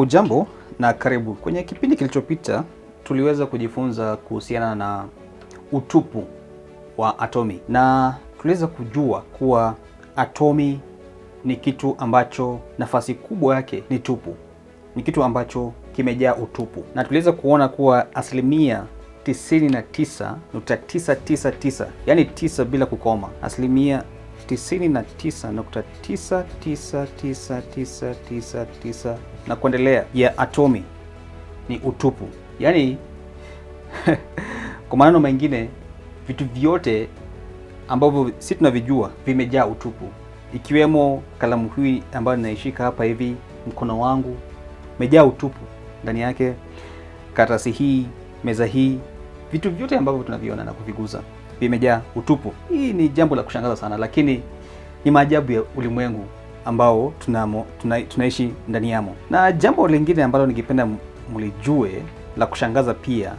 Hujambo na karibu. Kwenye kipindi kilichopita tuliweza kujifunza kuhusiana na utupu wa atomi na tuliweza kujua kuwa atomi ni kitu ambacho nafasi kubwa yake ni tupu, ni kitu ambacho kimejaa utupu, na tuliweza kuona kuwa asilimia 99.999 yani tisa bila kukoma, asilimia 99.9999999 na kuendelea ya atomi ni utupu. Yaani kwa maneno mengine, vitu vyote ambavyo si tunavijua vimejaa utupu, ikiwemo kalamu hii ambayo ninaishika hapa hivi, mkono wangu umejaa utupu ndani yake, karatasi hii, meza hii, vitu vyote ambavyo tunaviona na kuviguza vimejaa utupu. Hii ni jambo la kushangaza sana, lakini ni maajabu ya ulimwengu ambao tunamo, tuna, tunaishi ndani yamo. Na jambo lingine ambalo ningependa mlijue la kushangaza pia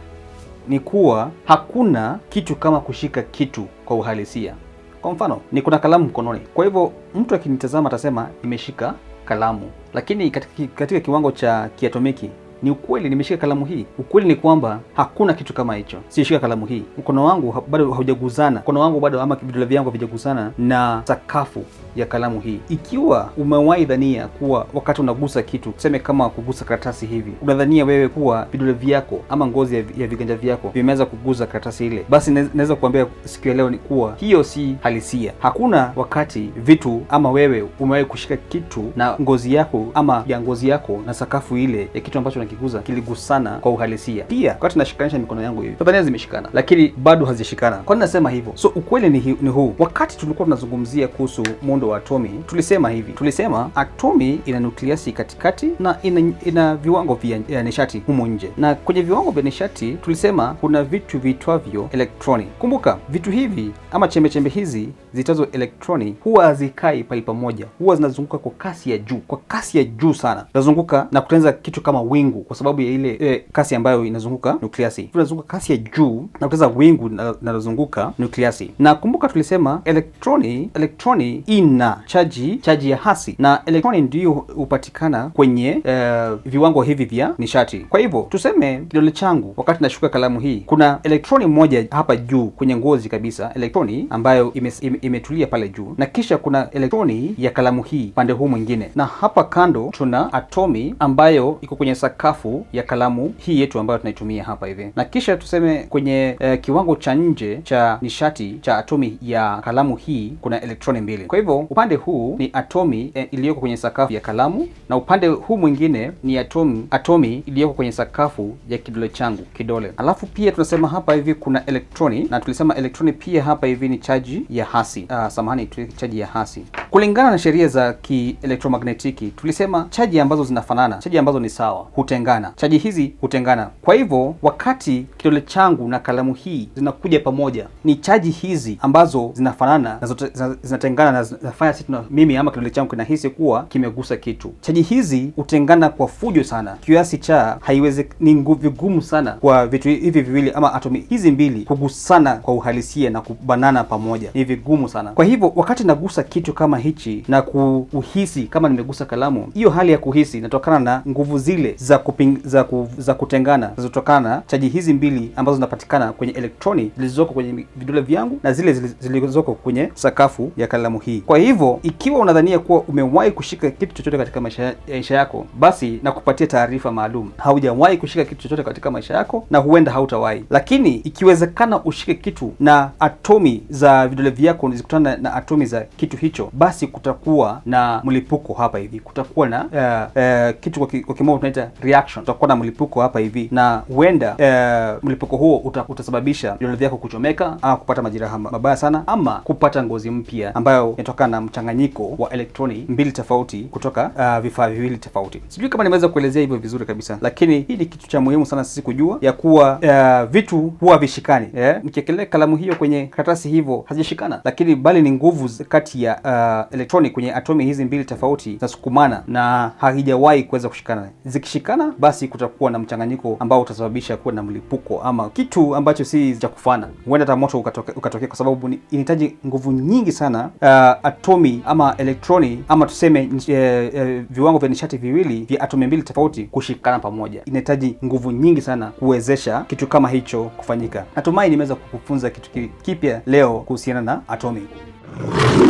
ni kuwa hakuna kitu kama kushika kitu kwa uhalisia. Kwa mfano, ni kuna kalamu mkononi, kwa hivyo mtu akinitazama atasema nimeshika kalamu, lakini katika, katika kiwango cha kiatomiki ni ukweli, nimeshika kalamu hii. Ukweli ni kwamba hakuna kitu kama hicho, sishika kalamu hii. Mkono wangu bado haujaguzana, mkono wangu bado, ama vidole vyangu havijaguzana na sakafu ya kalamu hii. Ikiwa umewahi dhania kuwa wakati unagusa kitu, tuseme kama kugusa karatasi hivi, unadhania wewe kuwa vidole vyako ama ngozi ya, ya viganja vyako vimeweza kugusa karatasi ile, basi naweza kuambia siku ya leo ni kuwa hiyo si halisia. Hakuna wakati vitu ama wewe umewahi kushika kitu na ngozi yako ama ya ngozi yako na sakafu ile ya kitu ambacho nilikikuza kiligusana kwa uhalisia. Pia wakati nashikanisha mikono yangu hivi, Tanzania zimeshikana, lakini bado hazishikana. Kwa nini nasema hivyo? So ukweli ni, ni huu. Wakati tulikuwa tunazungumzia kuhusu muundo wa atomi, tulisema hivi, tulisema atomi ina nukliasi katikati na ina, ina viwango vya nishati humo nje, na kwenye viwango vya nishati tulisema kuna vitu viitwavyo elektroni. Kumbuka vitu hivi ama chembechembe chembe hizi zitazo elektroni huwa hazikai pali pamoja, huwa zinazunguka kwa kasi ya juu, kwa kasi ya juu sana, zinazunguka na kutengeneza kitu kama wingu kwa sababu ya ile e, kasi ambayo inazunguka nucleus. Inazunguka kasi ya juu na kuteza wingu linalozunguka nucleus. Na kumbuka tulisema elektroni elektroni ina chaji chaji ya hasi, na elektroni ndiyo hupatikana kwenye e, viwango hivi vya nishati. Kwa hivyo tuseme kidole changu, wakati nashuka kalamu hii, kuna elektroni moja hapa juu kwenye ngozi kabisa, elektroni ambayo ime, ime, imetulia pale juu, na kisha kuna elektroni ya kalamu hii pande huu mwingine, na hapa kando tuna atomi ambayo iko kwenye sakafu grafu ya kalamu hii yetu ambayo tunaitumia hapa hivi, na kisha tuseme kwenye eh, kiwango cha nje cha nishati cha atomi ya kalamu hii kuna elektroni mbili. Kwa hivyo upande huu ni atomi eh, iliyoko kwenye sakafu ya kalamu na upande huu mwingine ni atomi, atomi iliyoko kwenye sakafu ya kidole changu kidole. Alafu pia tunasema hapa hivi kuna elektroni, na tulisema elektroni pia hapa hivi ni chaji ya hasi. Uh, samahani, chaji ya hasi. Kulingana na sheria za kielektromagnetiki, tulisema chaji ambazo zinafanana, chaji ambazo ni sawa, hutengana. Chaji hizi hutengana. Kwa hivyo, wakati kidole changu na kalamu hii zinakuja pamoja, ni chaji hizi ambazo zinafanana na zote zinatengana na zinafanya sisi mimi ama kidole changu kinahisi kuwa kimegusa kitu. Chaji hizi hutengana kwa fujo sana kiasi cha haiwezi, ni vigumu sana kwa vitu hivi viwili ama atomi hizi mbili kugusana kwa uhalisia na kubanana pamoja, ni vigumu sana. Kwa hivyo, wakati nagusa kitu kama hichi na kuhisi kama nimegusa kalamu. Hiyo hali ya kuhisi inatokana na nguvu zile za kuping, za, ku, za kutengana zinazotokana na chaji hizi mbili ambazo zinapatikana kwenye elektroni zilizoko kwenye vidole vyangu na zile zilizoko kwenye sakafu ya kalamu hii. Kwa hivyo ikiwa unadhania kuwa umewahi kushika kitu chochote katika maisha yako, basi nakupatia taarifa maalum, haujawahi kushika kitu chochote katika maisha yako na huenda hautawahi. Lakini ikiwezekana ushike kitu na atomi za vidole vyako zikutana na atomi za kitu hicho basi basi kutakuwa na mlipuko hapa hivi, kutakuwa na uh, uh, kitu kwa kimombo tunaita reaction, kutakuwa na mlipuko hapa hivi, na huenda uh, mlipuko huo uta, utasababisha vidole vyako kuchomeka ama kupata majeraha mabaya sana ama kupata ngozi mpya ambayo inatokana na mchanganyiko wa elektroni mbili tofauti kutoka uh, vifaa viwili tofauti. Sijui kama nimeweza kuelezea hivyo vizuri kabisa, lakini hii ni kitu cha muhimu sana sisi kujua ya kuwa uh, vitu huwa vishikani eh? Mkiekelea kalamu hiyo kwenye karatasi hivyo hazishikana, lakini bali ni nguvu kati ya uh, elektroni kwenye atomi hizi mbili tofauti zinasukumana na hakijawahi kuweza kushikana. Zikishikana basi kutakuwa na mchanganyiko ambao utasababisha kuwa na mlipuko ama kitu ambacho si cha kufana, huenda hata moto ukatokea ukatoke, kwa sababu inahitaji nguvu nyingi sana uh, atomi ama elektroni ama tuseme uh, uh, viwango vya nishati viwili vya atomi mbili tofauti kushikana pamoja, inahitaji nguvu nyingi sana kuwezesha kitu kama hicho kufanyika. Natumai nimeweza kukufunza kitu kipya leo kuhusiana na atomi.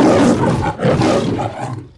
Oh, my God.